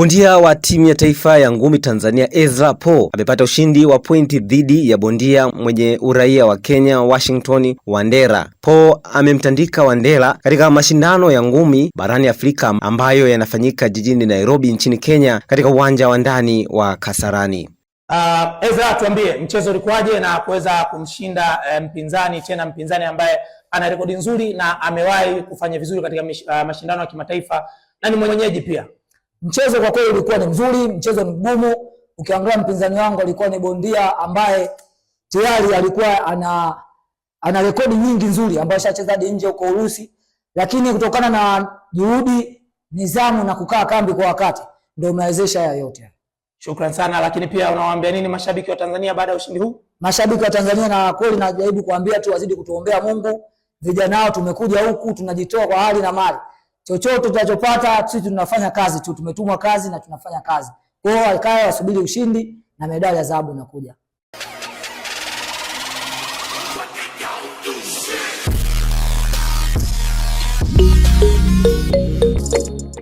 Bondia wa timu ya taifa ya ngumi Tanzania Ezra po amepata ushindi wa pointi dhidi ya bondia mwenye uraia wa Kenya Washington Wandera. po amemtandika Wandera katika mashindano ya ngumi barani Afrika ambayo yanafanyika jijini Nairobi nchini Kenya katika uwanja wa ndani wa Kasarani. Uh, Ezra, tuambie mchezo ulikuwaje na kuweza kumshinda eh, mpinzani tena mpinzani ambaye ana rekodi nzuri na amewahi kufanya vizuri katika mish, uh, mashindano ya kimataifa na ni mwenyeji pia. Mchezo kwa kweli ulikuwa ni mzuri, mchezo ni mgumu. Ukiangalia mpinzani wangu alikuwa ni bondia ambaye tayari alikuwa ana ana rekodi nyingi nzuri ambayo shacheza hadi nje huko Urusi, lakini kutokana na juhudi, nidhamu na kukaa kambi kwa wakati ndio umewezesha haya yote. Shukrani sana. Lakini pia unawaambia nini mashabiki wa Tanzania baada ya ushindi huu? Mashabiki wa Tanzania na kweli najaribu kuambia tu wazidi kutuombea Mungu, vijana wao tumekuja huku tunajitoa kwa hali na mali chochote tunachopata sisi tunafanya kazi tu, tumetumwa kazi na tunafanya kazi. Kwa hiyo wakae wasubiri ushindi na medali ya dhahabu inakuja.